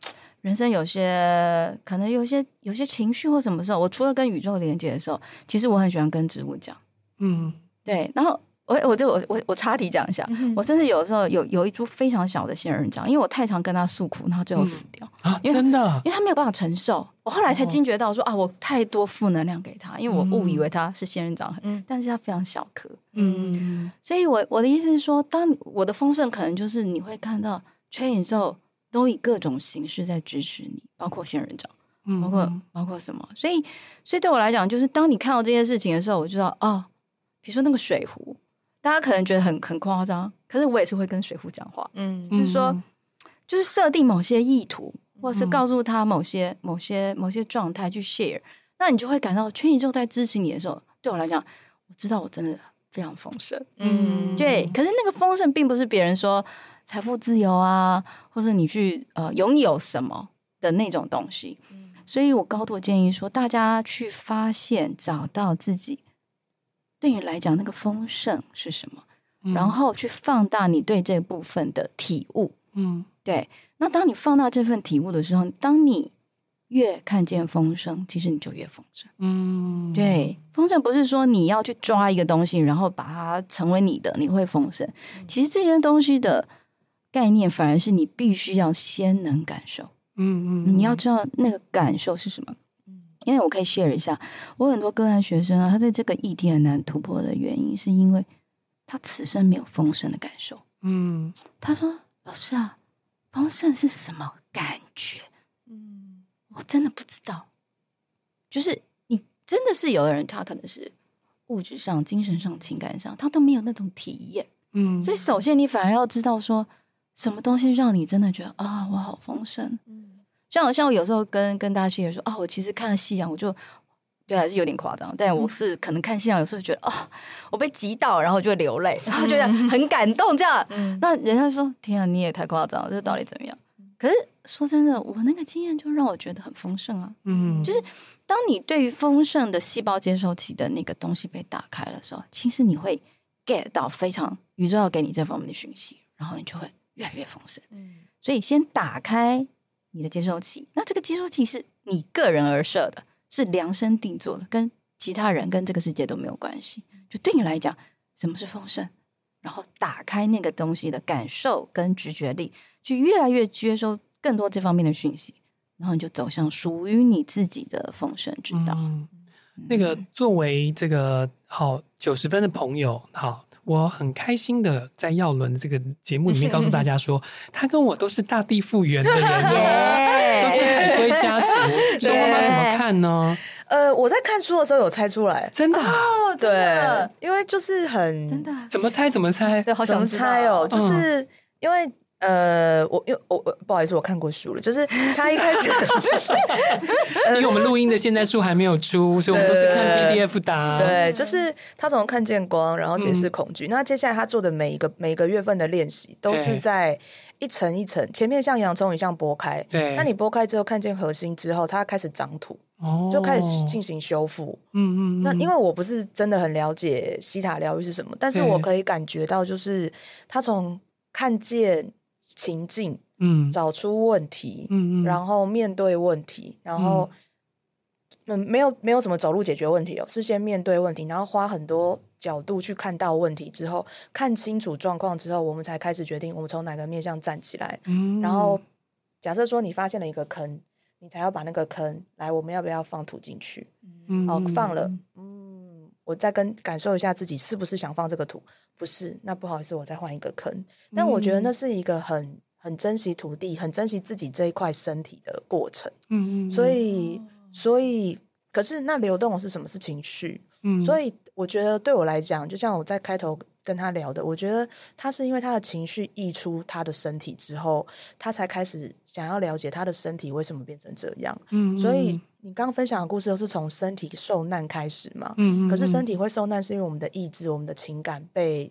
人生有些可能有些有些情緒或什麼時候，我除了跟宇宙連接的時候，其實我很喜歡跟植物講。嗯，對。然後我我就我我插題講一下，嗯、哼我甚至有時候有有一株非常小的仙人掌，因為我太常跟他訴苦，然後最後死掉、嗯、啊，因為真的，因為他沒有辦法承受。我後來才驚覺到說、哦、啊，我太多負能量給他，因為我誤以為他是仙人掌，嗯，但是他非常小顆，嗯。嗯，所以我我的意思是說，當我的豐盛，可能就是你會看到缺引之後。都以各種形式在支持你，包括仙人掌，包括包括什麼？嗯，所以，所以對我來講，就是當你看到這些事情的時候，我就知道哦，比如說那個水壺，大家可能覺得很很誇張，可是我也是會跟水壺講話，嗯，就是說，就是設定某些意圖，或者是告訴他某些某些某些狀態去 share，嗯，那你就會感到全宇宙在支持你的時候，對我來講，我知道我真的非常豐盛，嗯，嗯，對。可是那個豐盛並不是別人說。財富自由啊，或者你去呃擁有什麼的那種東西，嗯、所以我高度建議說，大家去發現、找到自己對你來講那個豐盛是什麼，嗯、然後去放大你對這部分的體悟。嗯，對。那當你放大這份體悟的時候，當你越看見豐盛，其實你就越豐盛。嗯，對。豐盛不是說你要去抓一個東西，然後把它成為你的，你會豐盛。嗯、其實這些東西的。概念反而是你必須要先能感受，嗯嗯，嗯，你要知道那個感受是什麼。嗯，因為我可以 share 一下，我很多個案學生啊，他對這個議題很難突破的原因，是因為他此生沒有豐盛的感受。嗯，他說：“老師啊，豐盛是什麼感覺？”嗯，我真的不知道。就是你真的是有的人的，他可能是物質上、精神上、情感上，他都沒有那種體驗。嗯，所以首先你反而要知道說。什麼東西讓你真的覺得啊、哦，我好豐盛？嗯，就好像我有時候跟跟大家去也說啊，我其實看夕陽，我就對、啊，還是有點誇張。但我是可能看夕陽，有時候覺得啊、嗯哦，我被擊到，然後就流淚，嗯、然後覺得很感動，這樣。嗯、那人家說天啊，你也太誇張了，這到底怎麼樣？可是說真的，我那個經驗就讓我覺得很豐盛啊。嗯，就是當你對於豐盛的細胞接收器的那個東西被打開的時候，其實你會 get 到非常宇宙要給你這方面的訊息，然後你就會。越來越豐盛，所以先打開你的接收器。那這個接收器是你個人而設的，是量身定做的，跟其他人，跟這個世界都沒有關係。就對你來講，什麼是豐盛？然後打開那個東西的感受跟直覺力，就越來越接收更多這方面的訊息，然後你就走向屬於你自己的豐盛之道。嗯，那個作為這個好九十分的朋友，好。我很開心的在耀倫這個節目裡面告訴大家說， 他跟我都是大地復原的人哦、喔、 都是海龜家族。你媽媽怎麼看呢？呃，我在看書的時候有猜出來，真的，啊哦、真的，對，因為就是很真的怎麼猜，怎麼猜怎麼猜，對，好想猜哦、喔，就是因為。嗯呃，我因為我、哦、不好意思，我看過書了，就是他一開始， 因為我們錄音的現在書還沒有出，所以我們都是看 PDF 檔。當對，就是他從看見光，然後解釋恐懼。嗯、那接下來他做的每一個每一個月份的練習，都是在一層一層，前面像洋蔥一樣剝開。對，那你剝開之後看見核心之後，他開始長土，哦、就開始進行修復。嗯,嗯嗯，那因為我不是真的很了解希塔療癒是什麼，對但是我可以感覺到，就是他從看見。情境，嗯，找出問題，嗯，嗯，然後面對問題，然後，嗯，嗯，沒有沒有什麼走路解決問題了，哦，是先面對問題，然後花很多角度去看到問題之後，看清楚狀況之後，我們才開始決定我們從哪個面向站起來。嗯，然後假設說你發現了一個坑，你才要把那個坑來，我們要不要放土進去？嗯，哦，放了，嗯。我再跟感受一下自己是不是想放這個土，不是，那不好意思，我再換一個坑。但我覺得那是一個很很珍惜土地，很珍惜自己這一塊身體的過程。嗯嗯，所以所以，可是那流動是什麼？是情緒。嗯，所以我覺得對我來講，就像我在開頭。跟他聊的，我覺得他是因為他的情緒溢出他的身體之後，他才開始想要了解他的身體為什麼變成這樣。嗯嗯。所以你剛分享的故事都是從身體受難開始嘛？嗯嗯嗯。可是身體會受難，是因為我們的意志、我們的情感被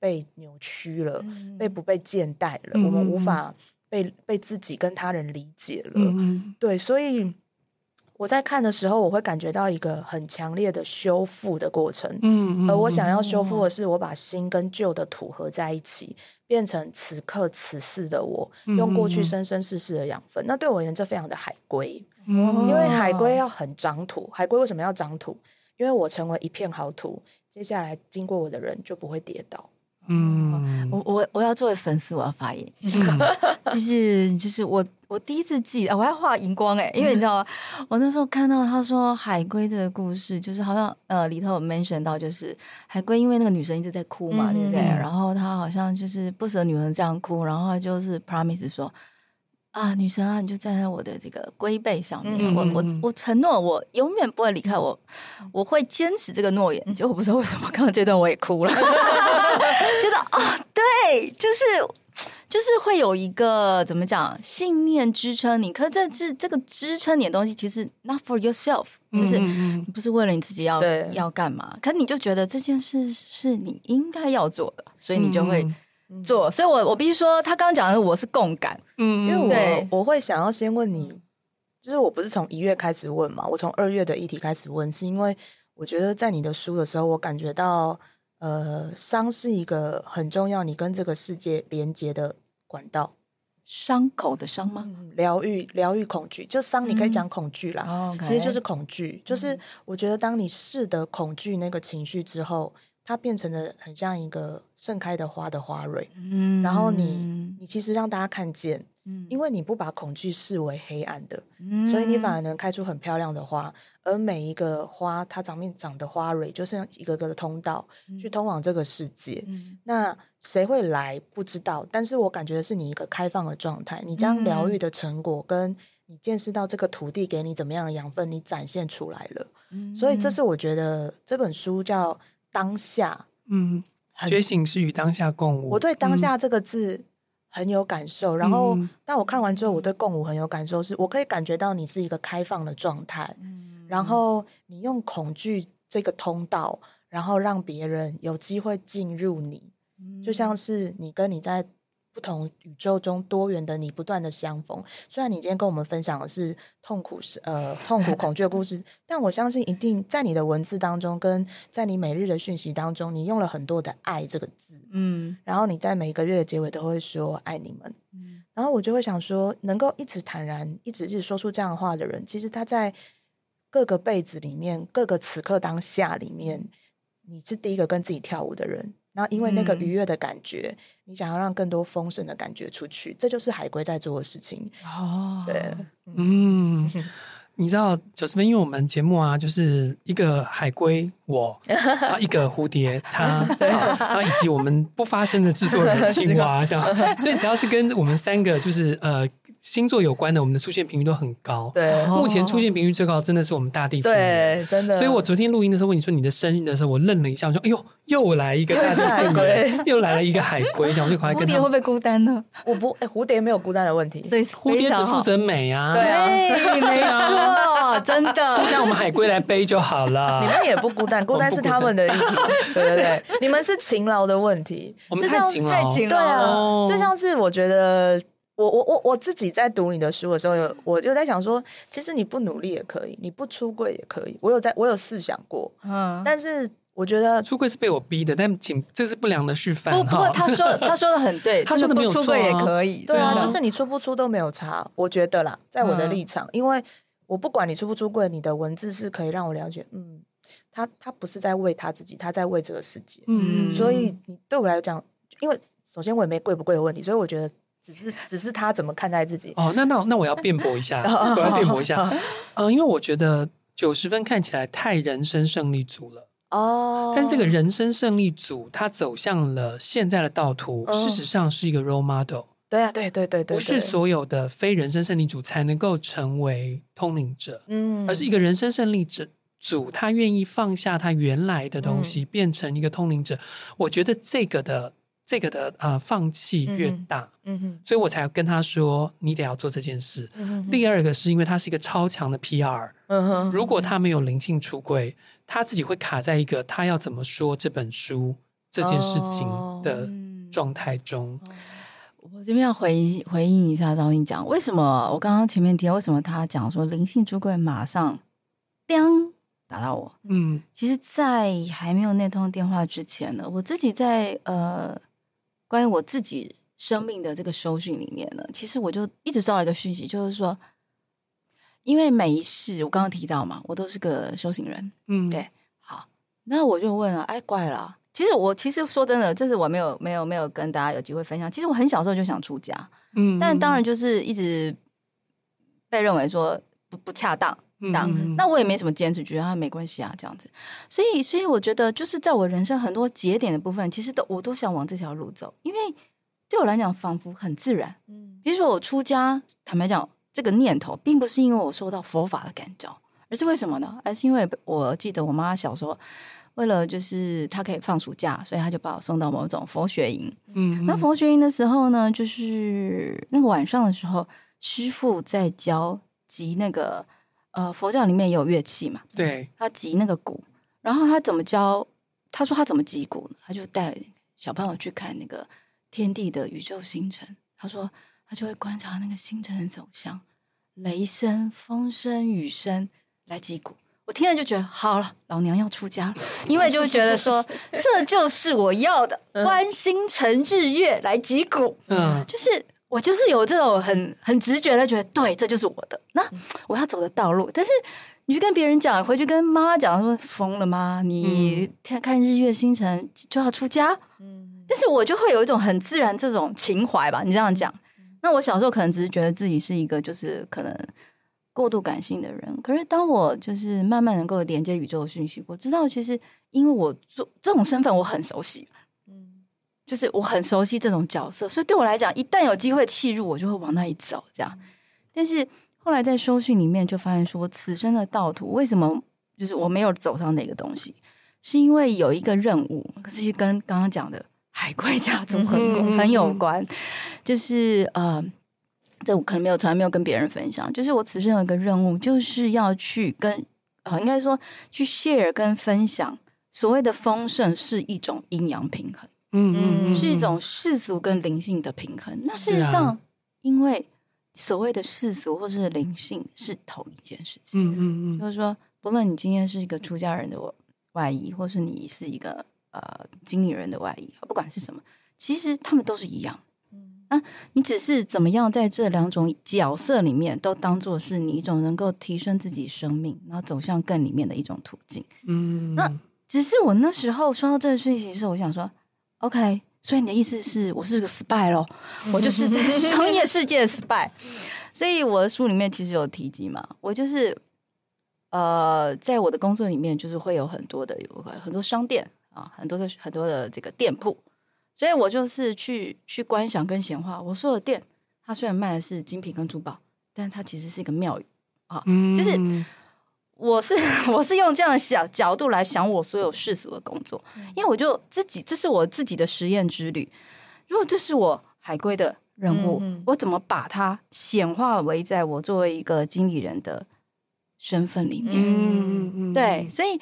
被扭曲了，嗯嗯。被不被見待了，嗯嗯。我們無法被被自己跟他人理解了。嗯嗯。對，所以。我在看的時候，我會感覺到一個很強烈的修復的過程。嗯，嗯，嗯，而我想要修復的是，我把新跟舊的土合在一起，變成此刻此世的我，用過去生生世世的養分。嗯嗯，那對我而言，這非常的海龜，哦，因為海龜要很長土。海龜為什麼要長土？因為我成為一片好土，接下來經過我的人就不會跌倒。嗯，我我我要作為粉絲，我要發言， 就是就是我我第一次記得、啊，我要畫熒光誒、欸、因為你知道嗎？嗯、我那時候看到他說海龜這個故事，就是好像呃裡頭有 mention 到，就是海龜因為那個女生一直在哭嘛，嗯、哼對不對？然後他好像就是不捨女生這樣哭，然後就是 promise 說。啊，女神啊，你就站在我的這個龜背上面。嗯、我我我承諾，我永遠不會離開我，我會堅持這個諾言。就、嗯、我不知道為什麼剛剛這段我也哭了，覺得啊、哦，對，就是就是會有一個怎麼講信念支撐你。可是這是這個支撐你的東西，其實 not for yourself，、嗯、就是你不是為了你自己要對要幹嘛？可是你就覺得這件事是你應該要做的，所以你就會。嗯做，所以我，我我必須說，他剛剛講的，我是共感，嗯，因為我我會想要先問你，就是我不是從一月開始問嘛，我從二月的議題開始問，是因為我覺得在你的書的時候，我感覺到，呃，傷是一個很重要，你跟這個世界連接的管道，傷口的傷嗎？療癒、嗯，療癒恐懼，就傷，你可以講恐懼啦，嗯、其實就是恐懼，嗯、就是我覺得當你試得恐懼那個情緒之後。它變成了很像一個盛開的花的花蕊，嗯，然後你、嗯、你其實讓大家看見，嗯，因為你不把恐懼視為黑暗的，嗯，所以你反而能開出很漂亮的花。嗯、而每一個花它上面長的花蕊，就像一個個的通道、嗯、去通往這個世界。嗯、那誰會來不知道，但是我感覺的是你一個開放的狀態，你將療癒的成果跟你見識到這個土地給你怎麼樣的養分，你展現出來了。嗯，所以這是我覺得這本書叫。當下，嗯，覺醒是與當下共舞。我對當下這個字很有感受，嗯、然後但我看完之後，我對共舞很有感受是，是我可以感覺到你是一個開放的狀態，嗯，然後你用恐懼這個通道，然後讓別人有機會進入你，嗯、就像是你跟你在。不同宇宙中多元的你不斷的相逢，雖然你今天跟我們分享的是痛苦，是呃痛苦恐懼的故事， 但我相信一定在你的文字當中，跟在你每日的訊息當中，你用了很多的“愛”這個字，嗯，然後你在每個月的結尾都會說“愛你們”，嗯，然後我就會想說，能夠一直坦然、一直一直說出這樣的話的人，其實他在各個輩子裡面、各個此刻當下裡面，你是第一個跟自己跳舞的人。然後，因為那個愉悅的感覺，嗯、你想要讓更多豐盛的感覺出去，這就是海龜在做的事情。哦，對，嗯，嗯，你知道，90 分，因為我們節目啊，就是一個海龜我， 然後一個蝴蝶他，然後以及我們不發聲的制作人青蛙、啊， 這樣，所以只要是跟我們三個，就是呃。星座有關的，我們的出現頻率都很高。對，目前出現頻率最高真的是我們大地方。對，真的。所以我昨天錄音的時候問你說你的生日的時候，我愣了一下，我說：“哎呦，又來一個大地，哎，又來了一個海龜。”想我就懷疑蝴蝶會不會孤單呢？我不，哎，蝴蝶沒有孤單的問題，所以蝴蝶只負責美啊。對，沒錯，真的孤單我們海龜來背就好了。你們也不孤單，孤單是他們的意思。對對對，你們是勤勞的問題，我們太勤勞，太勤勞了，對啊，就像是我覺得。我我我我自己在讀你的書的時候，我有我就在想說，其實你不努力也可以，你不出櫃也可以。我有在我有思想過，嗯，但是我覺得出櫃是被我逼的，但請，這是不良的示範。不不過、哦、他說他說的很對，他說 不出櫃也可以，啊對啊，對啊，就是你出不出都沒有差。我覺得啦，在我的立場，嗯，因為我不管你出不出櫃，你的文字是可以讓我了解，嗯，他他不是在為他自己，他在為這個世界。嗯，所以你對我來講，因為首先我也沒貴不貴的問題，所以我覺得。只是，只是他怎麼看待自己？哦、oh，那那那我要辯駁一下， oh, 我要辯駁一下。嗯、oh, oh. 呃，因為我覺得九十分看起來太人生勝利組了哦，oh, 但這個人生勝利組，他走向了現在的道途，oh. 事實上是一個 role model。對啊，對對對對，不是所有的非人生勝利組才能夠成為通靈者，嗯，oh. 而是一個人生勝利者組，他願意放下他原來的東西，oh. 變成一個通靈者。Oh. 我覺得這個的。這個的啊、呃，放棄越大，嗯嗯、所以我才要跟他說，你得要做這件事。嗯嗯、第二個是因為他是一個超強的 PR，嗯、哼如果他沒有靈性出櫃，嗯、哼他自己會卡在一個他要怎麼說這本書、嗯、哼這件事情的狀態中。我這邊要回回應一下張英講，為什麼我剛剛前面提到為什麼他講說靈性出櫃馬上、叮打到我，嗯，其實，在還沒有那通電話之前呢，我自己在呃。關於我自己生命的這個收訊裡面呢，其實我就一直收到一個訊息，就是說，因為每一世我剛剛提到嘛，我都是個修行人，嗯，對，好，那我就問了、啊，哎，怪了，其實我其實說真的，這是我沒有沒有沒有跟大家有機會分享，其實我很小時候就想出家，嗯，嗯，但當然就是一直被認為說不不恰當。嗯，那我也沒什麼堅持，覺得他沒關係啊，這樣子。所以，所以我覺得，就是在我人生很多節點的部分，其實都我都想往這條路走，因為對我來講，仿佛很自然。嗯，比如說我出家，坦白講，這個念頭並不是因為我受到佛法的感召，而是為什麼呢？而是因為我記得我媽小時候，為了就是她可以放暑假，所以她就把我送到某種佛學營。嗯,嗯，那佛學營的時候呢，就是那個晚上的時候，師父在教及那個。呃，佛教裡面也有樂器嘛？對，他擊那個鼓，然後他怎麼教？他說他怎麼擊鼓呢？他就帶小朋友去看那個天地的宇宙星辰，他說他就會觀察那個星辰的走向，雷聲、風聲、雨聲來擊鼓。我聽了就覺得好了，老娘要出家了， 因為就覺得說 這就是我要的，觀星辰日月來擊鼓，嗯，嗯就是。我就是有這種很很直覺的覺得，對，這就是我的，那我要走的道路。嗯、但是你去跟別人講，回去跟媽媽講，說瘋了嗎？你看看日月星辰就要出家，嗯。但是我就會有一種很自然這種情懷吧。你這樣講，那我小時候可能只是覺得自己是一個就是可能過度感性的人。可是當我就是慢慢能夠連接宇宙的訊息，我知道其實因為我做這種身份，我很熟悉。就是我很熟悉這種角色，所以對我來講，一旦有機會契入，我就會往那裡走。這樣，但是後來在收訊裡面就發現說，說我此生的道途為什麼就是我沒有走上那個東西，是因為有一個任務，其實跟剛剛講的海龜家族很很有關。 就是呃，這我可能沒有從來沒有跟別人分享，就是我此生有一個任務，就是要去跟啊、哦，應該說去 share 跟分享，所謂的豐盛是一種陰陽平衡。嗯，是一種世俗跟靈性的平衡。嗯、那事實上，啊、因為所謂的世俗或是靈性是同一件事情。嗯嗯，就是說，不論你今天是一個出家人的外衣，或是你是一個呃經理人的外衣，不管是什麼，其實他們都是一樣。嗯，啊，你只是怎麼樣在這兩種角色裡面都當做是你一種能夠提升自己生命，然後走向更裡面的一種途徑。嗯，那只是我那時候收到這個訊息的時候，我想說。OK，所以你的意思是，我是個 spy 嘍？ 我就是在商業世界的 spy。所以我的書裡面其實有提及嘛，我就是呃，在我的工作裡面，就是會有很多的有很多商店啊，很多的很多的這個店鋪，所以我就是去去觀想跟顯化。我說的店，它雖然賣的是精品跟珠寶，但它其實是一個廟宇啊，就是。嗯我是我是用這樣的小角度來想我所有世俗的工作，因為我就自己這是我自己的實驗之旅。如果這是我海歸的人物，我怎麼把它顯化為在我作為一個經理人的身份裡面？嗯，嗯嗯嗯，對，所以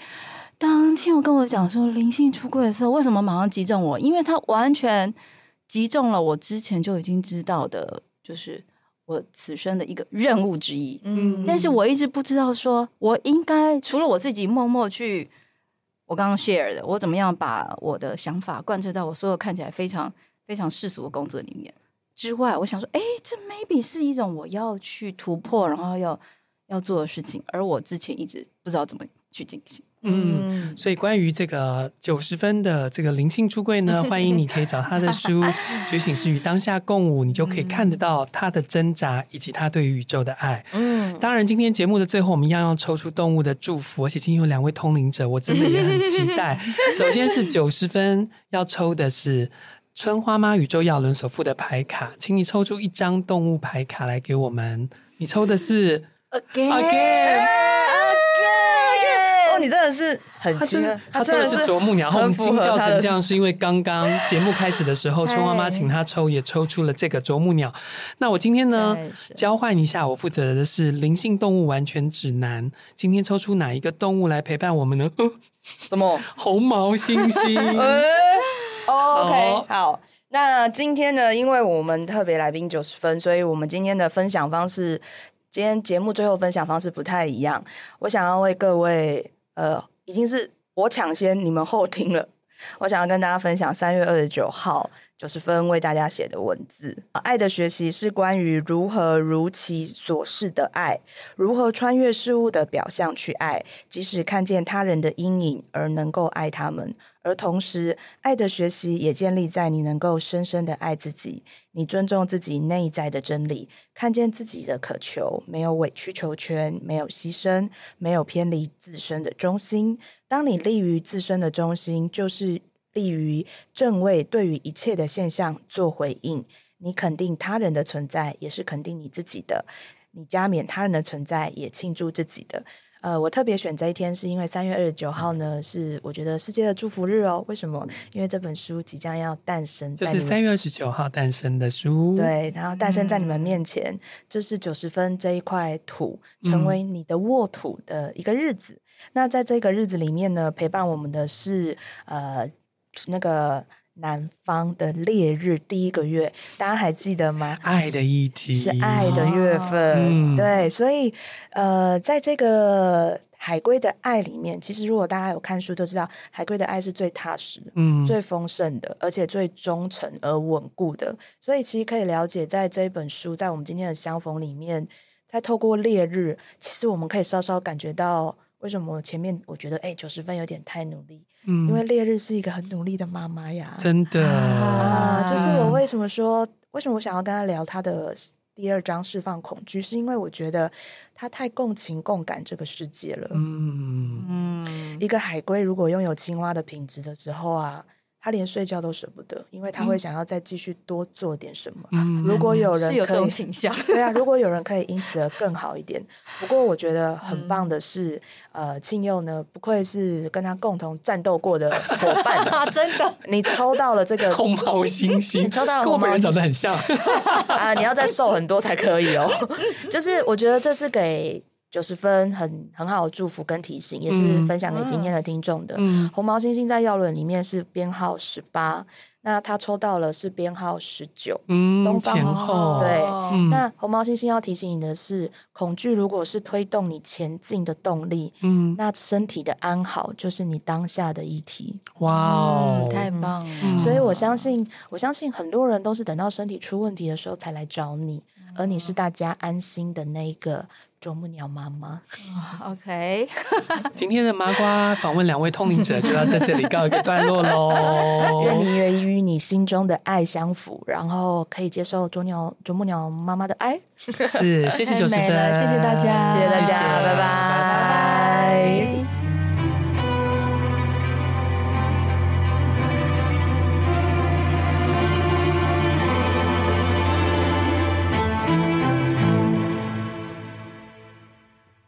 當慶祐跟我講說靈性出櫃的時候，為什麼馬上擊中我？因為他完全擊中了我之前就已經知道的，就是。我此生的一個任務之一，嗯，但是我一直不知道說，說我應該除了我自己默默去，我剛剛 share 的，我怎麼樣把我的想法貫徹到我所有看起來非常非常世俗的工作裡面之外，我想說，哎、欸，這 maybe 是一種我要去突破，然後要要做的事情，而我之前一直不知道怎麼去進行。嗯，所以關於這個九十分的這個靈性出櫃呢，歡迎你可以找他的書《 覺醒是與當下共舞》，你就可以看得到他的掙扎以及他對於宇宙的愛。嗯，當然今天節目的最後，我們一樣要抽出動物的祝福，而且今天有兩位通靈者，我真的也很期待。 首先是九十分要抽的是春花媽宇宙藥輪所附的牌卡，請你抽出一張動物牌卡來給我們。你抽的是？again Okay.、okay. 你真的是很精，他真的是啄木鳥，然後我們驚叫成這樣是因為剛剛節目開始的時候， 春花媽請他抽，也抽出了這個啄木鳥。那我今天呢，是交換一下，我負責的是靈性動物完全指南。今天抽出哪一個動物來陪伴我們呢？什麼？ 紅毛猩猩？OK，好。那今天呢，因為我們特別來賓九十分，所以我們今天的分享方式，今天節目最後分享方式不太一樣。我想要為各位。呃，已經是我搶先你們後聽了。我想要跟大家分享三月二十九號九十、就是、分為大家寫的文字，啊。愛的學習是關於如何如其所示的愛，如何穿越事物的表象去愛，即使看見他人的陰影而能夠愛他們。而同時，愛的學習也建立在你能夠深深的愛自己，你尊重自己內在的真理，看見自己的渴求，沒有委曲求全，沒有犧牲，沒有偏離自身的中心。當你立於自身的中心，就是立於正位對於一切的現象做回應。你肯定他人的存在，也是肯定你自己的；你加冕他人的存在，也慶祝自己的。呃，我特別選這一天，是因為三月二十九號呢，是我覺得世界的祝福日哦。為什麼？因為這本書即將要誕生，就是三月二十九號誕生的書。對，然後誕生在你們面前，這、嗯、是九十分這一塊土成為你的沃土的一個日子。嗯、那在這個日子裡面呢，陪伴我們的是呃那個。南方的烈日第一個月，大家還記得嗎？愛的議題是愛的月份，哦嗯、對，所以呃，在這個海龜的愛裡面，其實如果大家有看書都知道，海龜的愛是最踏實、嗯，最豐盛的，而且最忠誠而穩固的。所以其實可以了解，在這一本書，在我們今天的相逢裡面，在透過烈日，其實我們可以稍稍感覺到為什麼前面我覺得哎九十分有點太努力。嗯，因為烈日是一個很努力的媽媽呀，真的啊，就是我為什麼說，為什麼我想要跟他聊他的第二章釋放恐懼，是因為我覺得他太共情共感這個世界了。嗯，一個海龜如果擁有青蛙的品質的時候啊。他連睡覺都捨不得，因為他會想要再繼續多做點什麼。嗯、如果有人可以是有這種傾向，對啊，如果有人可以因此而更好一點。不過我覺得很棒的是，嗯、呃，慶祐呢，不愧是跟他共同戰鬥過的伙伴， 真的。你抽到了這個空貓星星，你抽到了星，跟我本人長得很像 啊！你要再瘦很多才可以哦。就是我覺得這是給。九十分，很很好的祝福跟提醒，也是分享給今天的聽眾的。紅毛猩猩在藥輪裡面是編號十八，那他抽到了是編號十九。嗯，前後對。那紅毛猩猩要提醒你的是，恐懼如果是推動你前進的動力，嗯，那身體的安好就是你當下的議題。哇，太棒了！所以我相信，我相信很多人都是等到身體出問題的時候才來找你，而你是大家安心的那一個。啄木鳥媽媽，OK 。今天的麻瓜訪問兩位通靈者就要在這裡告一個段落嘍。 願你願意與你心中的愛相符，然後可以接受啄鳥啄木鳥媽媽的愛。是，謝謝90分，謝謝大家，謝謝大家，謝謝，拜拜。拜拜。